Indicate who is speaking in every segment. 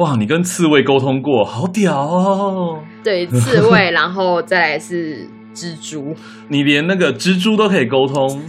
Speaker 1: 哇，你跟刺蝟溝通過，好屌哦！
Speaker 2: 對，刺蝟， 然後再來是蜘蛛，
Speaker 1: 你連那個蜘蛛都可以溝通。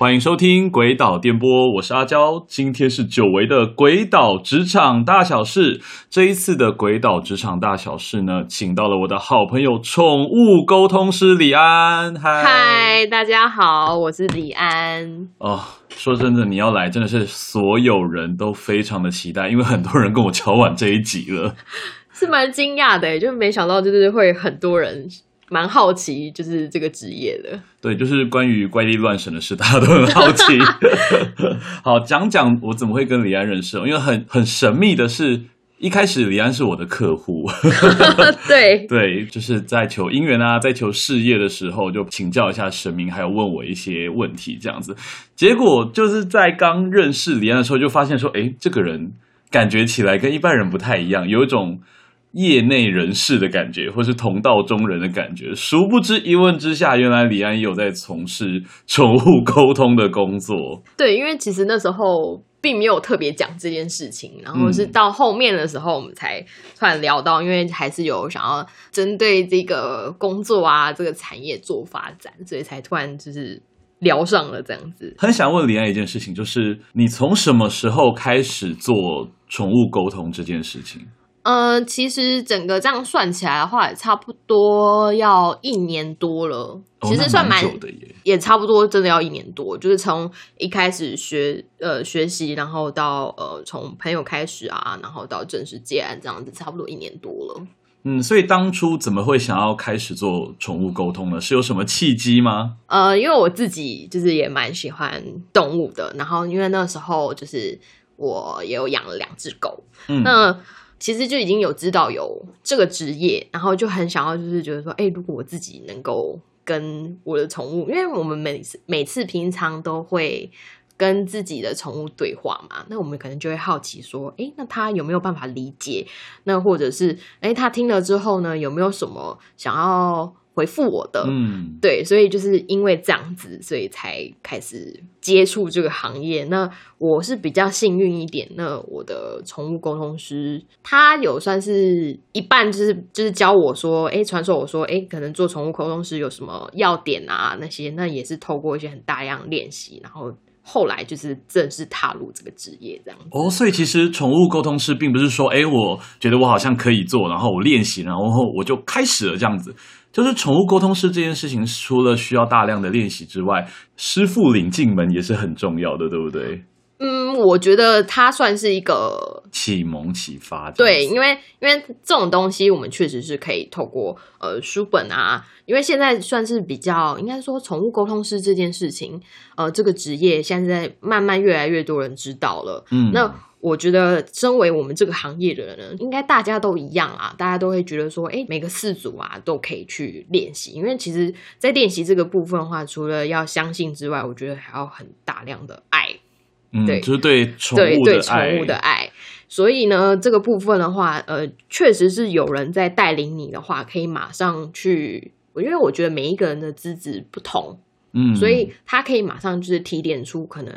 Speaker 1: 歡迎收聽《詭島電波》，我是阿交。今天是久違的《詭島職場大小事》。這一次的《詭島職場大小事》呢，請到了我的好朋友寵物溝通師李安。
Speaker 2: 嗨，Hi, 大家好，我是李安。
Speaker 1: 哦、oh,，說真的，你要來真的是所有人都非常的期待，因為很多人跟我敲碗這一集了，
Speaker 2: 是蠻驚訝的，就沒想到就是會很多人。蠻好奇，就是這個職業的。
Speaker 1: 對，就是關於怪力亂神的事，大家都很好奇。 好，講講我怎麼會跟李安認識。因為很很神秘的是，一開始李安是我的客戶。 對對，就是在求姻緣啊，在求事業的時候，就請教一下神明，還有問我一些問題這樣子。結果就是在剛認識李安的時候，就發現說，哎，這個人感覺起來跟一般人不太一樣，有一種。業內人士的感覺，或是同道中人的感覺，殊不知一問之下，原來李安也有在從事寵物溝通的工作。
Speaker 2: 對，因為其實那時候並沒有特別講這件事情，然後是到後面的時候，我們才突然聊到，嗯、因為還是有想要針對這個工作啊，這個產業做發展，所以才突然就是聊上了這樣子。
Speaker 1: 很想問李安一件事情，就是你從什麼時候開始做寵物溝通這件事情？
Speaker 2: 呃，其實整個這樣算起來的話，也差不多要一年多了。哦、其實算蠻久的耶，也差不多真的要一年多。就是從一開始學呃學習，然後到呃從朋友開始啊，然後到正式接案這樣子，差不多一年多了。
Speaker 1: 嗯，所以當初怎麼會想要開始做寵物溝通呢？是有什麼契機嗎？
Speaker 2: 呃，因為我自己就是也蠻喜歡動物的，然後因為那時候就是我也有養了兩隻狗，嗯，那，其實就已經有知道有這個職業，然後就很想要，就是覺得說，哎、欸，如果我自己能夠跟我的寵物，因為我們每次、每次平常都會跟自己的寵物對話嘛，那我們可能就會好奇說，哎、欸，那他有沒有辦法理解？那或者是，哎、欸，他聽了之後呢，有沒有什麼想要？回復我的，嗯，對，所以就是因為這樣子，所以才開始接觸這個行業。那我是比較幸運一點，那我的寵物溝通師他有算是一半，就是就是教我說，哎、欸，傳授我說，哎、欸，可能做寵物溝通師有什麼要點啊那些，那也是透過一些很大量練習，然後後來就是正式踏入這個職業這樣
Speaker 1: 子。哦，所以其實寵物溝通師並不是說，哎、欸，我覺得我好像可以做，然後我練習，然後我就開始了這樣子。就是寵物溝通師這件事情，除了需要大量的練習之外，師父領進門
Speaker 2: 也是很重要的，對不對？嗯，我覺得它算是一個啟蒙啟發。對，因為因為這種東西，我們確實是可以透過呃書本啊，因為現在算是比較應該說寵物溝通師這件事情，呃，這個職業現在慢慢越來越多人知道了。嗯，那，我覺得，身為我們這個行業，的人呢，應該大家都一樣啊，大家都會覺得說，哎、欸，每個四組啊都可以去練習，因為其實，在練習這個部分的話，除了要相信之外，我覺得還要很大量的愛，嗯，對，
Speaker 1: 就是對寵物，對寵物的
Speaker 2: 愛。所以呢，這個部分的話，呃，確實是有人在帶領你的話，可以馬上去。因為我覺得每一個人的資質不同，嗯，所以他可以馬上就是提點出可能，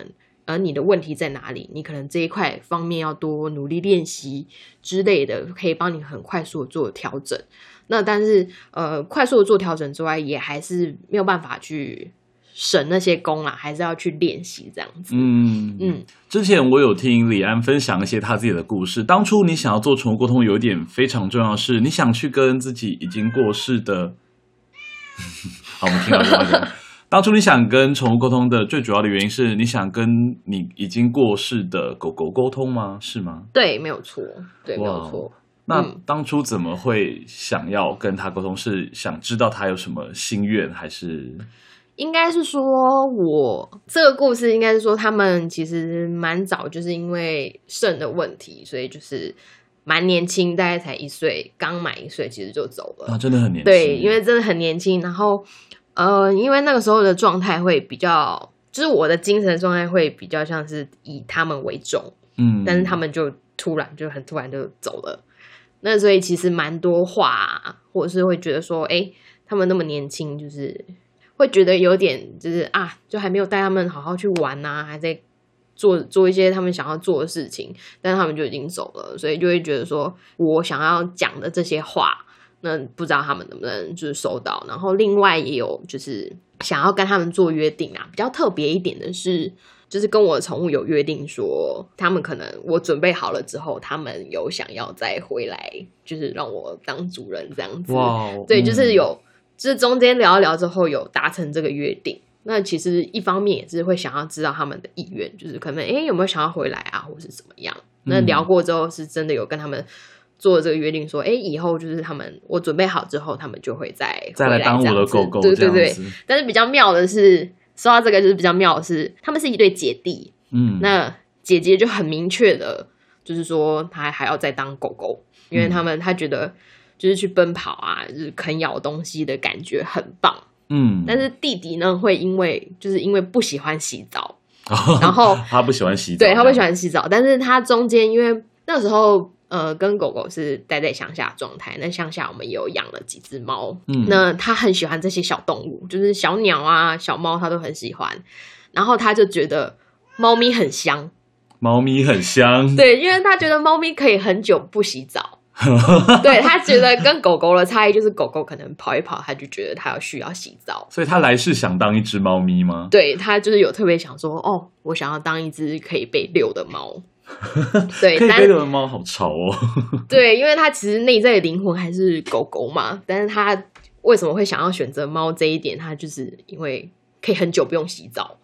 Speaker 2: 而你的問題在哪裡？你可能這一塊方面要多努力練習之類的，可以幫你很快速的做調整。那但是呃，快速的做調整之外，也還是沒有辦法去省那些功啦，還是要去練習這樣子。嗯嗯。
Speaker 1: 之前我有聽李安分享一些他自己的故事，當初你想要做寵物溝通，有一點非常重要是，你想去跟自己已經過世的， 好，我們聽到這邊。 當初你想跟寵物溝通的最主要的原因是你想跟你已經過世的狗狗溝通嗎？是嗎？
Speaker 2: 對，沒有錯，
Speaker 1: 對，沒有錯。那當初怎麼會想要跟他溝通？嗯？是想知道他有什麼心願，還是？
Speaker 2: 應該是說我這個故事，應該是說他們其實蠻早，就是因為腎的問題，所以就是蠻年輕，大概才一歲，剛滿一歲，其實就走了。啊，
Speaker 1: 真的很年輕。對，因為
Speaker 2: 真的很年輕，然後。呃，因為那個時候的狀態會比較，就是我的精神狀態會比較像是以他們為重，嗯，但是他們就突然就很突然就走了，那所以其實蠻多話啊，或者是會覺得說，欸，他們那麼年輕，就是會覺得有點就是啊，就還沒有帶他們好好去玩啊，還在做做一些他們想要做的事情，但他們就已經走了，所以就會覺得說我想要講的這些話。那不知道他們能不能就是收到，然後另外也有就是想要跟他們做約定啊，比較特別一點的是，就是跟我的寵物有約定說，他們可能我準備好了之後，他們有想要再回來，就是讓我當主人這樣子，哦，對，就是有，嗯、就是中間聊一聊之後有達成這個約定。那其實一方面也是會想要知道他們的意願，就是可能哎、欸、有沒有想要回來啊，或是怎麼樣？那聊過之後是真的有跟他們。做了這個約定說，哎，以後就是他們我準備好之後，他們就會再再來當我的狗狗，對對對。但是比較妙的是，說到這個就是比較妙的是，他們是一對姐弟，嗯，那姐姐就很明確的，就是說她還要再當狗狗，因為他們他覺得就是去奔跑啊，就是啃咬東西的感覺很棒，嗯。但是弟弟呢，會因為就是因為不喜歡洗澡，
Speaker 1: 然後 他不喜歡洗澡，對，他不
Speaker 2: 喜歡洗澡，但是他中間因為那時候。呃，跟狗狗是待在鄉下狀態。那鄉下我們有養了幾隻貓，嗯，那他很喜歡這些小動物，就是小鳥啊、小貓，他都很喜歡。然後他就覺得貓咪很香，
Speaker 1: 貓咪很香。
Speaker 2: 對，因為他覺得貓咪可以很久不洗澡。 對，他覺得跟狗狗的差異就是狗狗可能跑一跑，他就覺得他要需要洗澡。
Speaker 1: 所以他來世想當一隻貓咪嗎？對，
Speaker 2: 他就是有特別想說，哦，我想要當一隻可以被遛的貓。 對但 Kitty 的
Speaker 1: 貓好潮哦。
Speaker 2: 對，因為它其實內在的靈魂還是狗狗嘛，但是它為什麼會想要選擇貓這一點，它就是因為可以很久不用洗澡。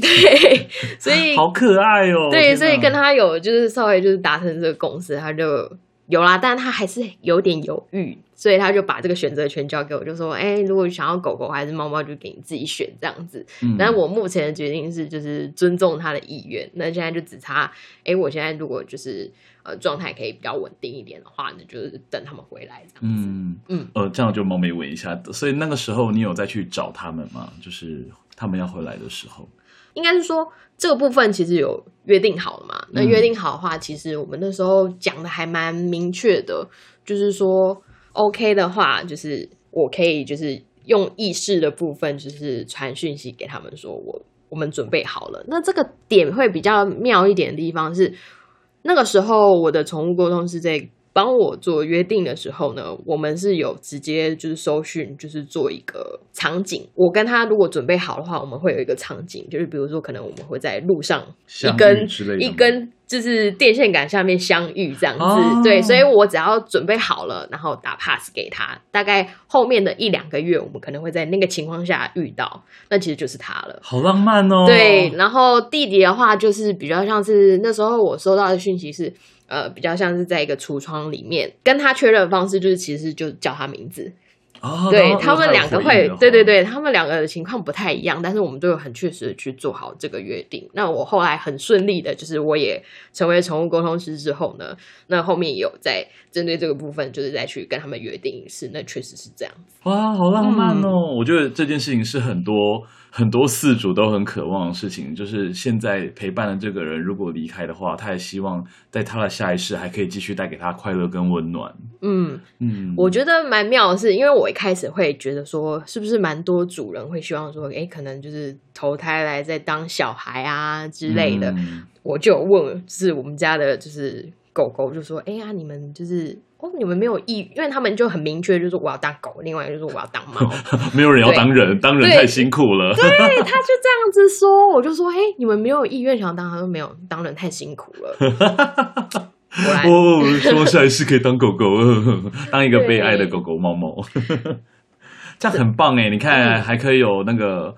Speaker 2: 對，所以好可愛哦、喔。對，所以跟他有就是稍微就是達成這個共識，它就有啦。但是它還是有點猶豫。所以他就把這個選擇權交給我，就說：“哎、欸，如果想要狗狗還是貓貓，就給你自己選這樣子。”嗯。但是，我目前的決定是，就是尊重他的意願。那現在就只差，哎、欸，我現在如果就是呃狀態可以比較穩定一點的話呢，就是等他們回來。嗯
Speaker 1: 嗯。呃，這樣就冒昧問一下，所以那個時候你有再去找他們嗎？就是他們要回來的時候。
Speaker 2: 應該是說這個部分其實有約定好了嘛？那約定好的話，嗯、其實我們那時候講的還蠻明確的，就是說。OK 的話，就是我可以就是用意識的部分，就是傳訊息給他們，說我我們準備好了。那這個點會比較妙一點的地方是，那個時候我的寵物溝通是在，幫我做約定的時候呢，我們是有直接就是搜訊，就是做一個場景。我跟他如果準備好的話，我們會有一個場景，就是比如說可能我們會在路上一根，相遇之類的嗎？一根就是電線桿下面相遇這樣子。Oh. 對，所以我只要準備好了，然後打 pass 給他。大概後面的一兩個月，我們可能會在那個情況下遇到，那其實就是他了。好
Speaker 1: 浪漫哦。對，
Speaker 2: 然後弟弟的話就是比較像是那時候我收到的訊息是。呃，比較像是在一個櫥窗裡面，跟他確認的方式就是，其實就叫他名字。
Speaker 1: 哦，對他們兩個會，
Speaker 2: 對對對，他們兩個的情況不太一樣，但是我們都有很確實的去做好這個約定。那我後來很順利的，就是我也成為寵物溝通師之後呢，那後面有在針對這個部分，就是再去跟他們約定是，那確實是這樣
Speaker 1: 子。哇，好浪漫哦，嗯！我覺得這件事情是很多。很多飼主都很渴望的事情，就是現在陪伴的這個人如果離開的話，他也希望在他的下一世還可以繼續帶給他快樂跟溫暖。
Speaker 2: 嗯嗯，我覺得蠻妙的是，因為我一開始會覺得說，是不是蠻多主人會希望說，誒，可能就是投胎來再當小孩啊之類的。嗯、我就問，就是我們家的，就是狗狗，就說，哎呀、啊，你們就是。哦，你們沒有意，因為他們就很明確，就是我要當狗，另外一個就是我要當貓，
Speaker 1: 沒有人要當人，當人太辛苦了，對。對，
Speaker 2: 他就這樣子說，我就說，哎，你們沒有意願想當，他說沒有，當人太辛苦了。我希望下一
Speaker 1: 次可以當狗狗， 當一個被愛的狗狗貓貓， 這樣很棒哎！你看，還可以有那個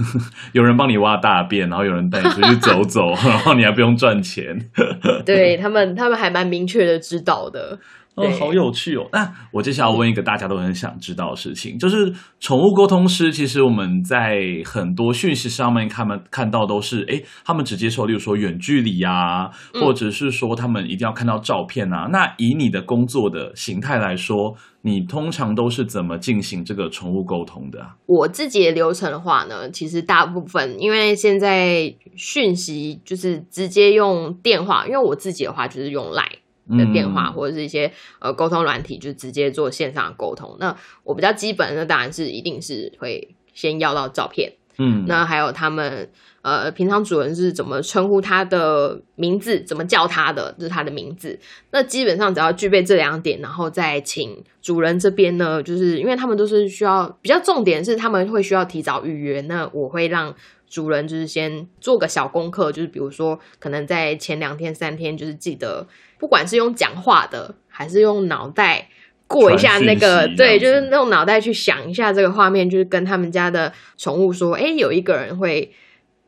Speaker 1: 有人幫你挖大便，然後有人帶你出去走走， 然後你還不用賺錢。
Speaker 2: 對他們，他們還蠻明確的知道的。哦，好有
Speaker 1: 趣哦！那我接下來要問一個大家都很想知道的事情，嗯、就是寵物溝通師。其實我們在很多訊息上面看，他們看到都是，哎、欸，他們只接受，例如說遠距離啊，或者是說他們一定要看到照片啊。嗯、那以你的工作的形態來說，你通常都是怎麼進行這個寵物溝通的
Speaker 2: 啊？我自己的流程的話呢，其實大部分因為現在訊息就是直接用電話，因為我自己的話就是用 Line。
Speaker 1: 的電話，或
Speaker 2: 者是一些呃溝通軟體，就直接做線上溝通。那我比較基本，那當然是一定是會先要到照片，嗯，那還有他們呃平常主人是怎麼稱呼他的名字，怎麼叫他的，就是他的名字。那基本上只要具備這兩點，然後再請主人這邊呢，就是因為他們都是需要比較重點是他們會需要提早預約，那我會讓。主人就是先做個小功課，就是比如說，可能在前兩天、三天，就是記得，不管是用講話的，還是用腦袋過一下那個，對，就是用腦袋去想一下這個畫面，就是跟他們家的寵物說，哎、欸，有一個人會。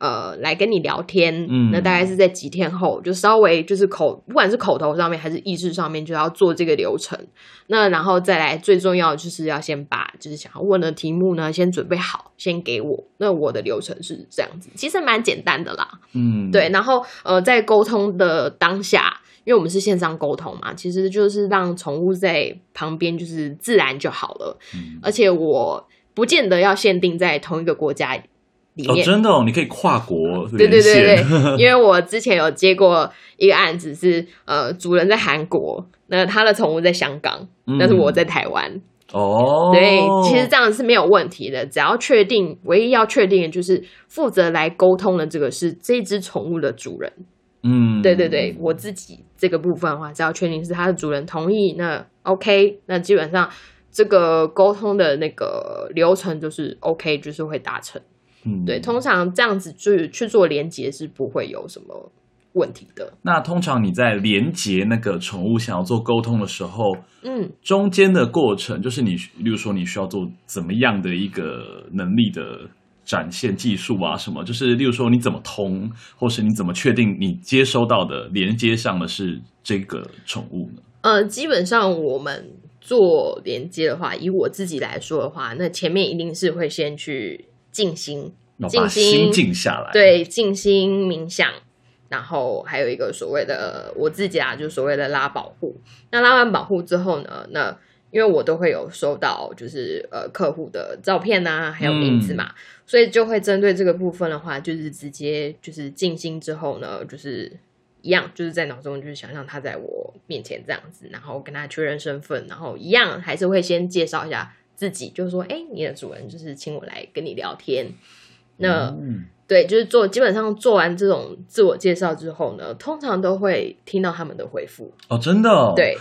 Speaker 2: 呃，來跟你聊天，嗯，那大概是在幾天後，嗯，就稍微就是口，不管是口頭上面還是意識上面，就要做這個流程。那然後再來，最重要的就是要先把就是想要問的題目呢，先準備好，先給我。那我的流程是這樣子，其實蠻簡單的啦，嗯，對。然後呃，在溝通的當下，因為我們是線上溝通嘛，其實就是讓寵物在旁邊就是自然就好了。嗯，而且我不見得要限定在同一個國家。哦，真的，哦，
Speaker 1: 你可以跨國連線。對對對對，因為
Speaker 2: 我之前有接過一個案子是，是呃，主人在韓國，那他的寵物在香港，但是我在台灣。
Speaker 1: 嗯。哦，對，其實這
Speaker 2: 樣是沒有問題的，只要確定，唯一要確定的就是負責來溝通的這個是這隻寵物的主人。嗯，
Speaker 1: 對對
Speaker 2: 對，我自己這個部分的話，只要確定是他的主人同意，那 OK，那基本上這個溝通的那個流程就是 OK，就是會達成。嗯，對，通常這樣子去去做連接是不會有什麼問題的。
Speaker 1: 那通常你在連接那個寵物想要做溝通的時候，嗯，中間的過程就是你，例如說你需要做怎麼樣的一個能力的展現技術啊，什麼，就是例如說你怎麼通，或是你怎麼確定你接收到的連接上的是這個寵物
Speaker 2: 呢？呃，基本上我們做連接的話，以我自己來說的話，那前面一定是會先去。靜心，靜心，心靜下來。對，靜心冥想，然後還有一個所謂的，我自己啊，就所謂的拉保護。那拉完保護之後呢，那因為我都會有收到，就是呃客戶的照片啊，還有名字嘛，嗯、所以就會針對這個部分的話，就是直接就是靜心之後呢，就是一樣，就是在腦中就是想象他在我面前這樣子，然後跟他確認身份，然後一樣還是會先介紹一下。自己就是說，哎、欸，你的主人就是請我來跟你聊天。那，嗯，對，就是做基本上做完這種自我介紹之後呢，通常都會聽到他們的回復
Speaker 1: 哦，真的、哦，對，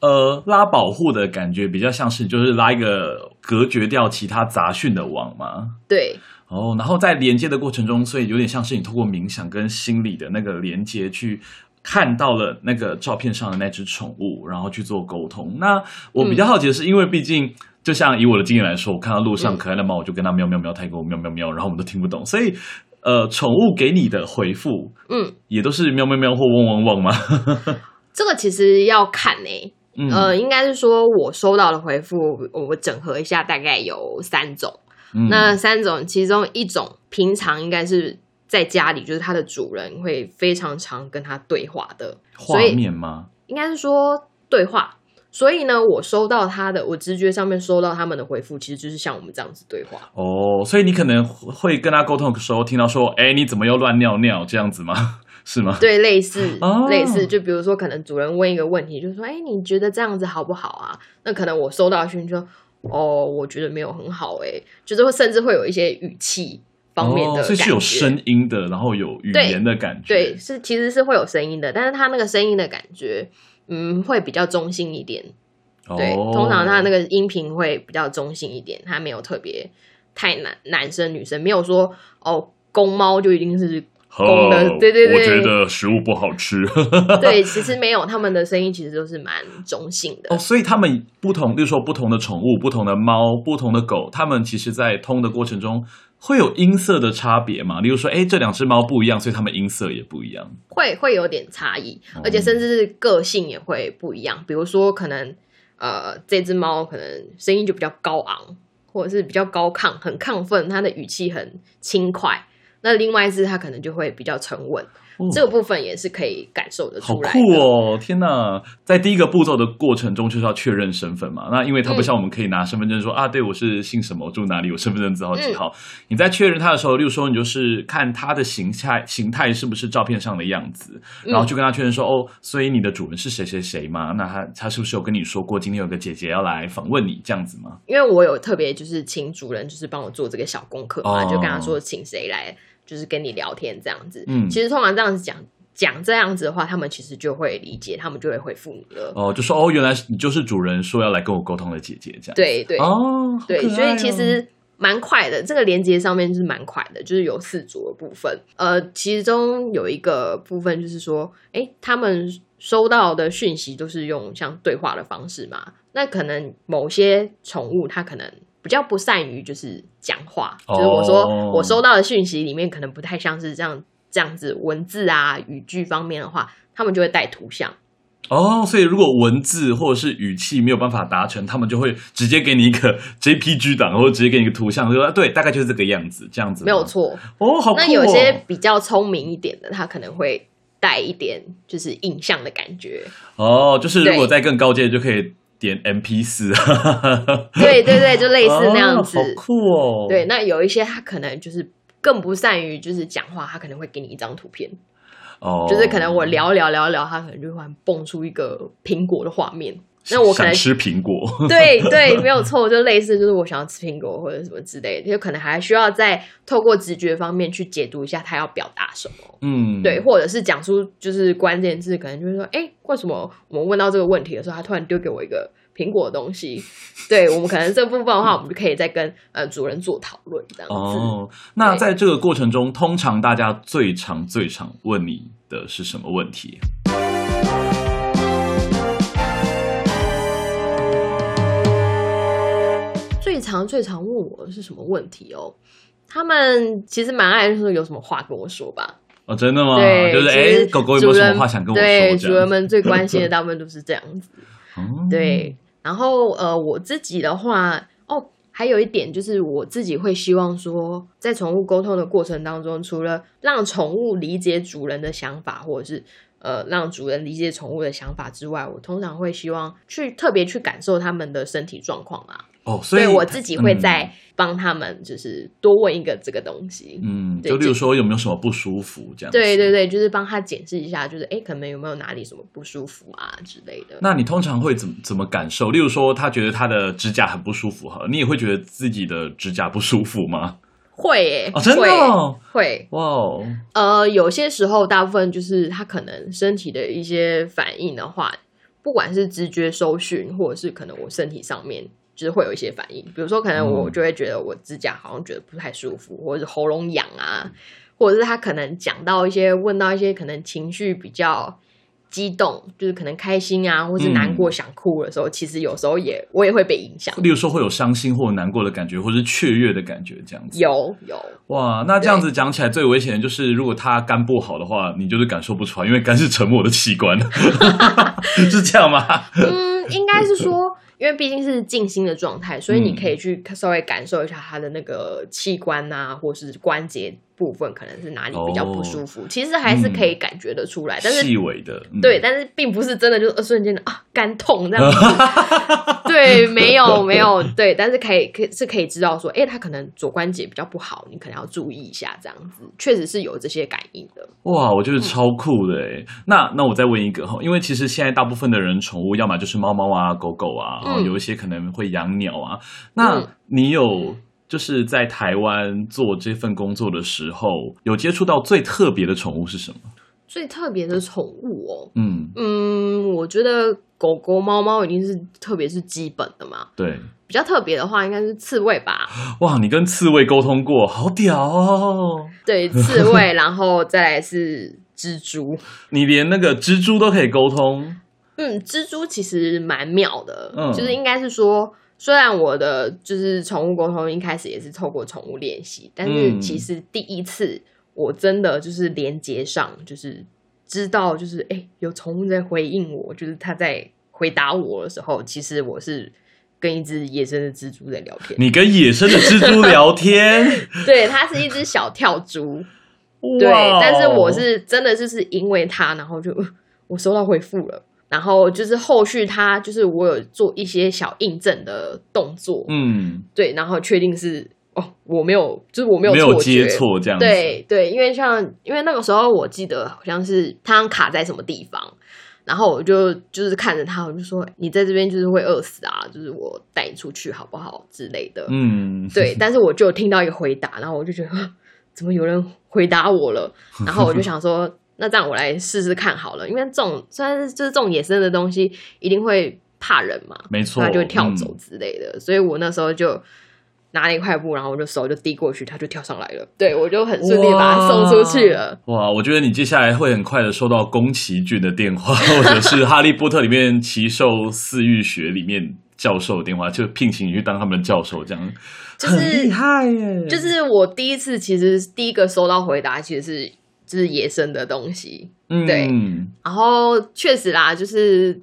Speaker 1: 呃，拉保護的感覺比較像是就是拉一個隔絕掉其他雜訊的網嘛，對，哦，然後在連接的過程中，所以有點像是你透過冥想跟心理的那個連接，去看到了那個照片上的那隻寵物，然後去做溝通。那我比較好奇的是，因為畢竟、嗯。就像以我的經驗來說，我看到路上可愛的貓、嗯，我就跟它喵喵喵，它也跟我喵喵喵，然後我們都聽不懂。所以，呃，寵物給你的回復，
Speaker 2: 嗯，
Speaker 1: 也都是喵喵喵或汪汪汪、汪
Speaker 2: 嗎？ 這個其實要看呢、欸嗯，呃，應該是說我收到的回復，我整合一下，大概有三種、嗯。那三種其中一種，平常應該是在家裡，就是它的主人會非常常跟它對話的。畫面嗎？應該是說對話。所以呢，我收到他的，我直覺上面收到他們的回復，其實就是像我們這樣子對話
Speaker 1: 哦。Oh, 所以你可能會跟他溝通的時候，聽到說：“哎，你怎麼又亂尿尿這樣子嗎？”是嗎？對，
Speaker 2: 類似、oh. 類似，就比如說，可能主人問一個問題，就是說：“哎，你覺得這樣子好不好啊？”那可能我收到訊息說：“哦，我覺得沒有很好。”誒。就是會甚至會有一些語氣方面的，oh, 所以是有聲
Speaker 1: 音的，然後有
Speaker 2: 語言的感覺，對，對是其實是會有聲音的，但是他那個聲音的感覺。嗯，會比較中性一點，對，oh. 通常它那個音頻會比較中性一點，它沒有特別太男男生女生，沒有說哦，公貓就一定是公的，oh, 對對對，我覺得
Speaker 1: 食物不好吃，
Speaker 2: 對，其實沒有，他們的聲音其實都是蠻中性
Speaker 1: 的，oh, 所以他們不同，比如說不同的寵物，不同的貓，不同的狗，他們其實，在通的過程中。會有音色的差別嗎？例如說，哎，這兩隻貓不一樣，所以它們音色也不一樣。
Speaker 2: 會會有點差異，而且甚至是個性也會不一樣。哦。比如說，可能呃，這隻貓可能聲音就比較高昂，或者是比較高亢，很亢奮，它的語氣很輕快。那另外一只它可能就會比較沉穩，哦，這個部分也是可以感受得出來的。好
Speaker 1: 酷哦！天哪，在第一個步驟的過程中就是要確認身份嘛。那因為它不像我們可以拿身份證說，嗯、啊，對我是姓什麼，住哪裡，我身份證字號幾號。嗯，你在確認它的時候，例如說你就是看它的形態、形態是不是照片上的樣子，然後就跟他確認說，嗯、哦，所以你的主人是誰誰誰嘛？那他他是不是有跟你說過今天有個姐姐要來訪問你這樣子嗎？
Speaker 2: 因為我有特別就是請主人就是幫我做這個小功課嘛，哦，就跟他說請誰來。就是跟你聊天這樣子，嗯，其實通常這樣子講講這樣子的話，他們其實就會理解，他們就會回復你了。
Speaker 1: 哦，就說哦，原來你就是主人說要來跟我溝通的姐姐這樣子。對對哦，
Speaker 2: 哦，對，所以其實蠻快的，這個連接上面是蠻快的，就是有四組的部分。呃，其中有一個部分就是說，誒、欸，他們收到的訊息都是用像對話的方式嘛，那可能某些寵物它可能，比較不善於就是講話，哦，就是我說我收到的訊息裡面可能不太像是這樣這樣子文字啊語句方面的話，他們就會帶圖像。
Speaker 1: 哦，所以如果文字或者是語氣沒有辦法達成，他們就會直接給你一個 JPG 檔，或者直接給你一個圖像，就說對，大概就是這個樣子，這樣子沒
Speaker 2: 有錯哦，好酷哦。那有些比較聰明一點的，他可能會帶一點就是影像的感覺。
Speaker 1: 哦，就是如果在更高階就可以。點 M P 四哈
Speaker 2: 哈哈哈，對對對，就類似那樣子，oh,
Speaker 1: 好酷哦。對，那
Speaker 2: 有一些他可能就是更不善於就是講話，他可能會給你一張圖片，哦、
Speaker 1: oh，就是可能
Speaker 2: 我聊聊聊聊，他可能就會蹦出一個蘋果的畫面。那我可能想吃
Speaker 1: 蘋果。對，對對，沒
Speaker 2: 有錯，就類似就是我想要吃蘋果或者什麼之類的，就可能還需要再透過直覺方面去解讀一下他要表達什麼，嗯，對，或者是講出就是關鍵字，可能就是說，哎、欸，為什麼我們問到這個問題的時候，他突然丟給我一個蘋果的東西？對，我們可能這部分的話，我們就可以再跟 呃主人做討論這樣子。哦，
Speaker 1: 那在這個過程中，通常大家最常、最常問你的是什麼問題？
Speaker 2: 最常最常問我的是什麼問題？哦、喔？他們其實蠻愛說有什麼話跟我說吧？
Speaker 1: 哦、oh,，真的嗎？對，就是哎、欸，狗狗有沒有什麼話想跟我說？對，主人們
Speaker 2: 最關心的大部分都是這樣子。 對，然後呃，我自己的話哦、喔，還有一點就是我自己會希望說，在寵物溝通的過程當中，除了讓寵物理解主人的想法，或者是呃讓主人理解寵物的想法之外，我通常會希望去特別去感受他們的身體狀況啊。
Speaker 1: 哦，所以我自己會在
Speaker 2: 幫他們，就是多問一個這個東西，嗯，就例如
Speaker 1: 說有沒有什麼不舒服這樣。對對
Speaker 2: 對，就是幫他檢視一下，就是哎，可能有沒有哪裡什麼不舒服啊之類的。那
Speaker 1: 你通常會怎麼怎麼感受？例如說，他覺得他的指甲很不舒服哈，你也會覺得自己的指甲不舒服嗎？
Speaker 2: 會，哦，真的、哦、會哇。會 Wow. 呃，有些時候，大部分就是他可能身體的一些反應的話，不管是直覺搜尋，或者是可能我身體上面。就是會有一些反應，比如說可能我就會覺得我指甲好像覺得不太舒服，嗯、或者是喉嚨癢啊，或者是他可能講到一些問到一些可能情緒比較激動，就是可能開心啊，或者是難過想哭的時候，嗯、其實有時候也我也會被影響。例如
Speaker 1: 說會有傷心或難過的感覺，或是雀躍的感覺，這樣
Speaker 2: 子。有有
Speaker 1: 哇，那這樣子講起來最危險的就是，如果他肝不好的話，你就是感受不出來，因為肝是沉默的器官， 是這樣嗎？
Speaker 2: 嗯，應該是說。 因為畢竟是靜心的狀態，所以你可以去稍微感受一下他的那個器官啊，或是關節。部分可能是哪裡比較不舒服。哦、其實還是可以感覺得出來，嗯、但是細微的、嗯，對，但是並不是真的就瞬間的啊乾痛這樣子， 對，沒有沒有，對，但是可以可以，是可以知道說，哎、欸，他可能左關節比較不好，你可能要注意一下這樣子，確實是有這些感應的。
Speaker 1: 哇，我就是超酷的哎、嗯！那那我再問一個，因為其實現在大部分的人寵物要麼就是貓貓啊、狗狗啊、嗯哦，有一些可能會養鳥啊，那你有？嗯就是在台灣做這份工作的時候，有接觸到最特別的
Speaker 2: 寵物是什麼？最特別的寵物哦，嗯嗯，我覺得狗狗、貓貓一定是特別是基本的嘛。對，比較特別的話，應該是刺蝟吧。
Speaker 1: 哇，你跟刺蝟溝通過，好屌
Speaker 2: 哦！對，刺蝟， 然後再來是蜘蛛。
Speaker 1: 你連那個蜘蛛都可以溝通？
Speaker 2: 嗯，蜘蛛其實蠻妙的，嗯，就是應該是說。雖然我的就是寵物溝通一開始也是透過寵物練習，但是其實第一次我真的就是連接上，就是知道就是哎、欸、有寵物在回應我，就是它在回答我的時候，其實我是跟一隻野生的蜘蛛在聊天。你
Speaker 1: 跟野生的蜘蛛聊
Speaker 2: 天？ 對，它是一隻小跳蛛。對，但是我是真的就是因為它，然後就我收到回復了。然後就是後續，他就是我有做一些小印證的動作，嗯，對，然後確定是哦，我沒有，就是我沒有沒有接錯這樣子，對對，因為像因為那個時候我記得好像是他卡在什麼地方，然後我就就是看着他，我就說你在這邊就是會餓死啊，就是我帶你出去好不好之類的，嗯，
Speaker 1: 對，但
Speaker 2: 是我就聽到一個回答，然後我就覺得怎麼有人回答我了，然後我就想說。 那這樣我來試試看好了，因為這種雖然就是這種野生的東西，一定會怕人嘛，沒錯，它就會跳走之類的、嗯。所以我那時候就拿了一塊布，然後我就手就遞過去，它就跳上來了。對，我就很順利把它送出去了
Speaker 1: 哇。哇，我覺得你接下來會很快的收到宮崎駿的電話， 或者是哈利波特裡面奇獸飼育學裡面教授的電話，就聘請你去當他們的教授，這樣、就
Speaker 2: 是、很厲害耶！就是我第一次，其實第一個收到回答，其實是。就是野生的東西，嗯、對，然後確實啦，就是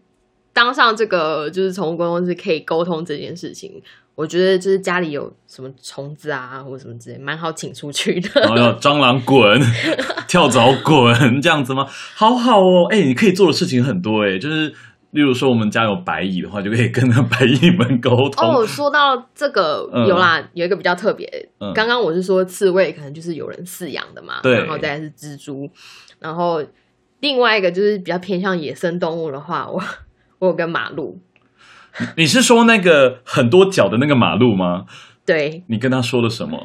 Speaker 2: 當上這個就是寵物溝通師可以溝通這件事情，我覺得就是家裡有什麼蟲子啊或什麼之類，蠻好請出去的。哦
Speaker 1: 哦、蟑螂滾， 跳蚤滾螂 這樣子嗎？好好哦，哎、欸，你可以做的事情很多哎、欸，就是。例如說，我們家有白蟻的話，就可以跟那白蟻們溝通。哦，
Speaker 2: 說到這個，嗯、有啦，有一個比較特別。嗯、剛剛我是說刺蝟，可能就是有人飼養的嘛。對。然後再是蜘蛛，然後另外一個就是比較偏向野生動物的話，我我有跟馬路。你，
Speaker 1: 你是說那個很多腳的那個馬路嗎？
Speaker 2: 對。
Speaker 1: 你跟他說了什麼？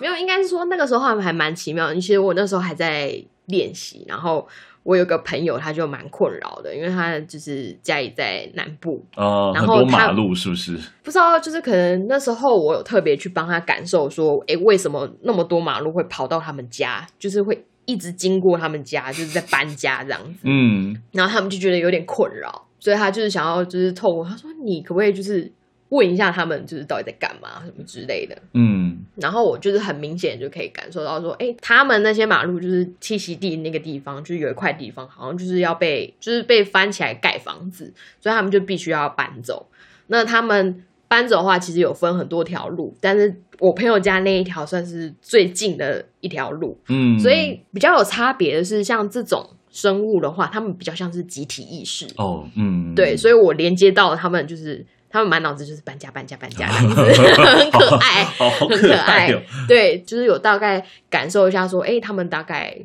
Speaker 2: 沒有，應該是說那個時候還還蠻奇妙的。其實我那時候還在練習，然後。我有個朋友，他就蠻困擾的，因為他就是家裡在南部、
Speaker 1: 呃、然後很多馬路，是不是？
Speaker 2: 不知道，就是可能那時候我有特別去幫他感受，說，哎，為什麼那麼多馬路會跑到他們家？就是會一直經過他們家，就是在搬家這樣子。 嗯，然後他們就覺得有點困擾，所以他就是想要，就是透過他說，你可不可以就是。問一下他們就是到底在幹嘛什麼之類的，嗯，然後我就是很明顯就可以感受到說，哎、欸，他們那些馬路就是棲息地那個地方，就是有一塊地方好像就是要被就是被翻起來蓋房子，所以他們就必須要搬走。那他們搬走的話，其實有分很多條路，但是我朋友家那一條算是最近的一條路，嗯，所以比較有差別的是，像這種生物的話，他們比較像是集體意識，哦，嗯，對，所以我連接到他們就是。他們滿腦子就是搬家、搬家、搬 家好， 很可愛，可愛，很可愛，可愛、哦。對，就是有大概感受一下，說，誒、欸，他們大概。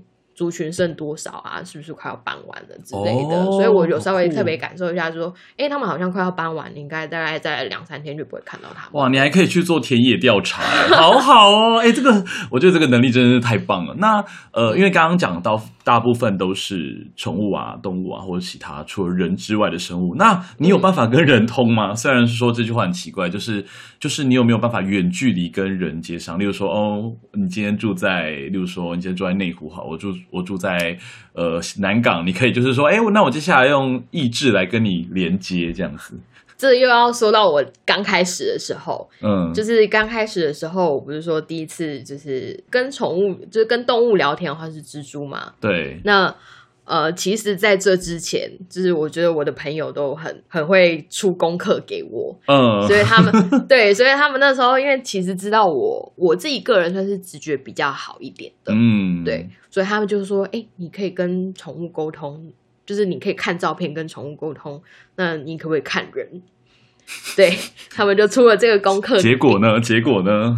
Speaker 2: 族群剩多少啊？是不是快要搬完了之類的？哦、所以，我有稍微特別感受一下，說，誒、哦欸，他們好像快要搬完，應該大概再兩三天就不會看到他
Speaker 1: 們。哇，你還可以去做田野調查、欸， 好好哦、喔！誒、欸，這個，我覺得這個能力真的是太棒了。那，呃，因為剛剛講到，大部分都是寵物啊、動物啊或者其他除了人之外的生物。那你有辦法跟人通嗎？嗯、雖然是說這句話很奇怪，就是就是你有沒有辦法遠距離跟人接上？例如說，哦，你今天住在，例如說，你今天住在內湖，好，我住。我住在呃南港，你可以就是說，哎、欸，那我接下來用意志來跟你連接，這樣子。
Speaker 2: 這又要說到我剛開始的時候，嗯，就是剛開始的時候，我不是說第一次就是跟寵物，就是跟動物聊天的話是蜘蛛嘛，對，那。呃，其實在這之前，就是我覺得我的朋友都很很會出功課給我，嗯，所以他們對，所以他們那時候，因為其實知道我我自己個人算是直覺比較好一點
Speaker 1: 的，嗯，對，
Speaker 2: 所以他們就說，哎、欸，你可以跟寵物溝通，就是你可以看照片跟寵物溝通，那你可不可以看人？對，他們就出了這個功課，結果
Speaker 1: 呢？結果呢？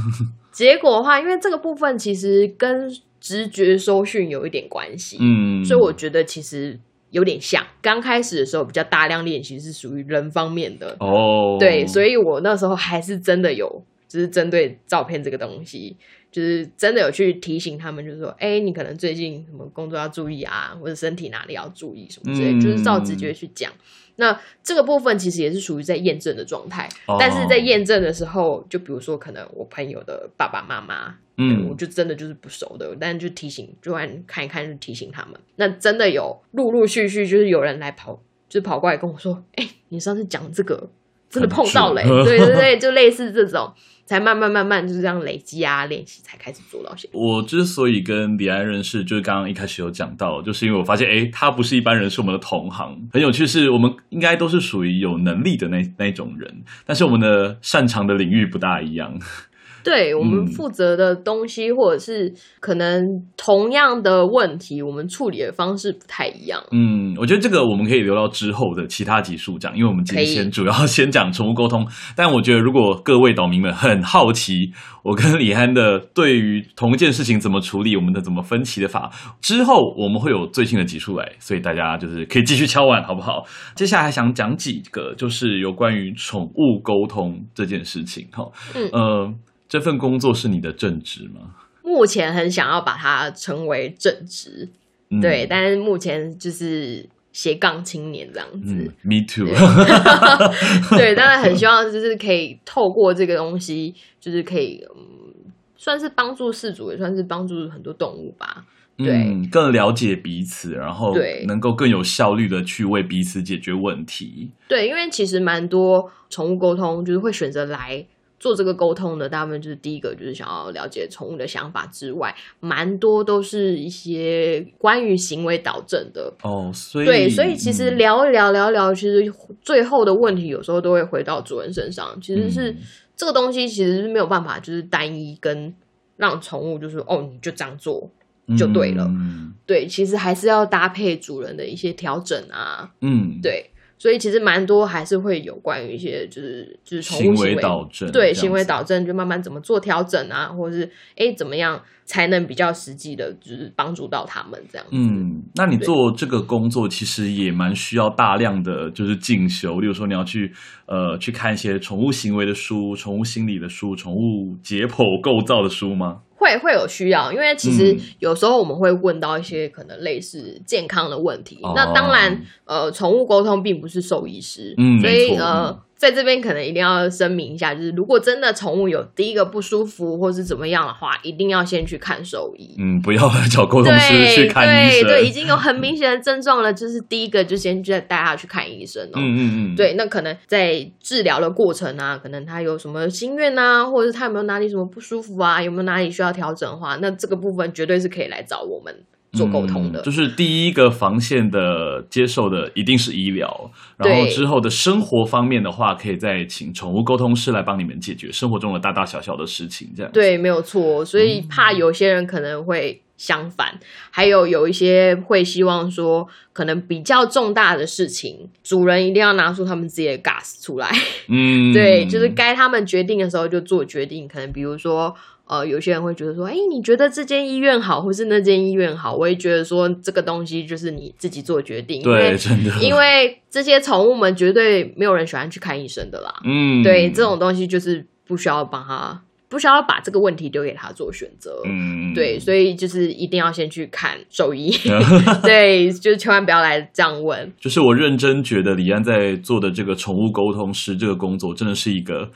Speaker 2: 結果的話，因為這個部分其實跟。直覺收訊有一點關係，嗯，所以我覺得其實有點像剛開始的時候比較大量練習是屬於人方面的哦，
Speaker 1: 對，所
Speaker 2: 以我那時候還是真的有，就是針對照片這個東西，就是真的有去提醒他們，就是說，哎，你可能最近什麼工作要注意啊，或者身體哪裡要注意什麼之類，嗯，就是照直覺去講。那這個部分其實也是屬於在驗證的狀態，哦，但是在驗證的時候，就比如說可能我朋友的爸爸媽媽。嗯，我就真的就是不熟的，但就提醒，就按看一看就提醒他們。那真的有陸陸續續就是有人來跑，就是、跑過來跟我說：“哎、欸，你上次講這個，真的碰到了、欸。”對對對，就類似這種， 才慢慢慢慢就是這樣累積啊，練習才開始做到些。我
Speaker 1: 之所以跟李安認識，就是剛剛一開始有講到，就是因為我發現，哎、欸，他不是一般人，是我們的同行。很有趣是，是我們應該都是屬於有能力的那那種人，但是我們的擅長的領域不大一樣。
Speaker 2: 對，我們負責的東西、嗯，或者是可能同樣的問題，我們處理的方式不太一樣。
Speaker 1: 嗯，我覺得這個我們可以留到之後的其他集數講，因為我們今天主要先講寵物溝通。但我覺得如果各位島民們很好奇，我跟李安的對於同一件事情怎麼處理，我們的怎麼分歧的法，之後我們會有最新的集數來，所以大家就是可以繼續敲碗好不好？接下來還想講幾個，就是有關於寵物溝通這件事情哈、哦，嗯、呃這份工作是你的正職嗎？
Speaker 2: 目前很想要把它成為正職、嗯，對，但是目前就是斜槓青年這樣子。
Speaker 1: 嗯、me too。
Speaker 2: 對，當 然 很希望就是可以透過這個東西，就是可以，嗯、算是幫助飼主，也算是幫助很多動物吧。對。
Speaker 1: 嗯、更了解彼此，然後對，能夠更有效率的去為彼此解決問題。
Speaker 2: 對，因為其實蠻多寵物溝通就是會選擇來。做這個溝通的，大部分就是第一個就是想要了解寵物的想法之外，蠻多都是一些關於行為導正的。哦，
Speaker 1: 所以，對，所以其實
Speaker 2: 聊一聊聊一聊，其實最後的問題有時候都會回到主人身上。其實是、嗯、這個東西其實是沒有辦法，就是單一跟讓寵物就是哦，你就這樣做就對了、嗯。對，其實還是要搭配主人的一些調整啊。嗯，對。所以其實蠻多還是會有關於一些就是就是寵物行為，行為導正，對，行為導正，就慢慢怎麼做調整啊，或者是誒、欸、怎麼樣才能比較實際的，就是幫助到他們這樣。嗯，
Speaker 1: 那你做這個工作其實也蠻需要大量的就是進修，比、嗯、如說你要去呃去看一些寵物行為的書、寵物心理的書、寵物解剖構造的書嗎？
Speaker 2: 會會有需要，因為其實有時候我們會問到一些可能類似健康的問題。嗯、那當然，哦、呃，寵物溝通並不是獸醫師，嗯，所以，呃。在這邊可能一定要聲明一下，就是如果真的寵物有第一個不舒服或是怎麼樣的話，一定要先去看獸醫。
Speaker 1: 嗯，不要找溝通師去看醫生。對對，已
Speaker 2: 經有很明顯的症狀了，就是第一個就先去帶他去看醫生哦。嗯嗯嗯。對，那可能在治療的過程啊，可能他有什麼心願啊，或者是他有沒有哪裡什麼不舒服啊，有沒有哪裡需要調整的話，那這個部分絕對是可以來找我們做溝通的、嗯，就
Speaker 1: 是第一個防線的接受的一定是醫療、嗯，然後之後的生活方面的話，可以再請寵物溝通師來幫你們解決生活中的大大小小的事情。這樣
Speaker 2: 對，沒有錯。所以怕有些人可能會相反，嗯、還有有一些會希望說，可能比較重大的事情，主人一定要拿出他們自己的 gas 出來。
Speaker 1: 嗯， 對，就是
Speaker 2: 該他們決定的時候就做決定，可能比如說。呃，有些人會覺得說，哎、欸，你覺得這間醫院好，或是那間醫院好？我也覺得說，這個東西就是你自己做決定。因為，對，真的，因為這些寵物們絕對沒有人喜歡去看醫生的啦。嗯，對，這種東西就是不需要幫他。不需要把這個問題丟給他做選擇，嗯，對，所以就是一定要先去看獸醫， 對，就是千萬不要來這樣問。
Speaker 1: 就是我認真覺得李安在做的這個寵物溝通師這個工作，真的是一個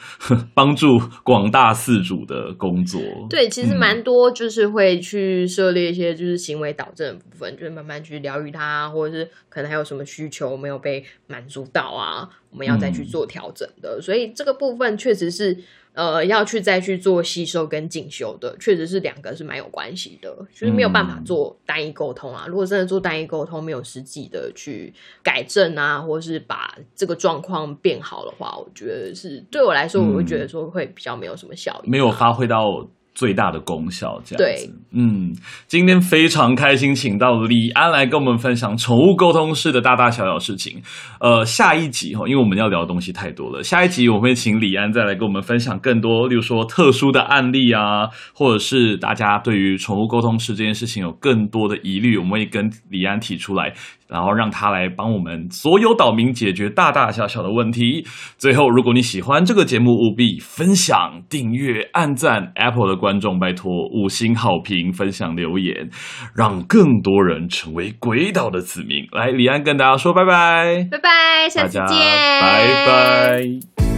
Speaker 1: 幫助廣大飼主的工作。對，其實蠻
Speaker 2: 多就是會去涉獵一些就是行為導正的部分，嗯、就是慢慢去療癒它，或者是可能還有什麼需求沒有被滿足到啊，我們要再去做調整的、嗯。所以這個部分確實是。呃，要去再去做吸收跟進修的，確實是兩個是蠻有關係的，就是沒有辦法做單一溝通啊。嗯，如果真的做單一溝通，沒有實際的去改正啊，或是把這個狀況變好的話，我覺得是，對我來說，我會覺得說會比較沒有什麼效益啊，沒有
Speaker 1: 發揮到。最大的功效，這樣子。對，嗯，今天非常開心，請到李安來跟我們分享寵物溝通師的大大小小事情。呃，下一集哈，因為我們要聊的東西太多了，下一集我們會請李安再來跟我們分享更多，例如說特殊的案例啊，或者是大家對於寵物溝通師這件事情有更多的疑慮，我們會跟李安提出來。然後讓他來幫我們所有島民解決大大小小的問題。最後，如果你喜歡這個節目，務必分享、訂閱、按讚 Apple 的觀眾，拜托五星好評、分享留言，讓更多人成為詭島的子民。來，李安跟大家說拜拜，
Speaker 2: 拜拜，下次見，大家，拜拜。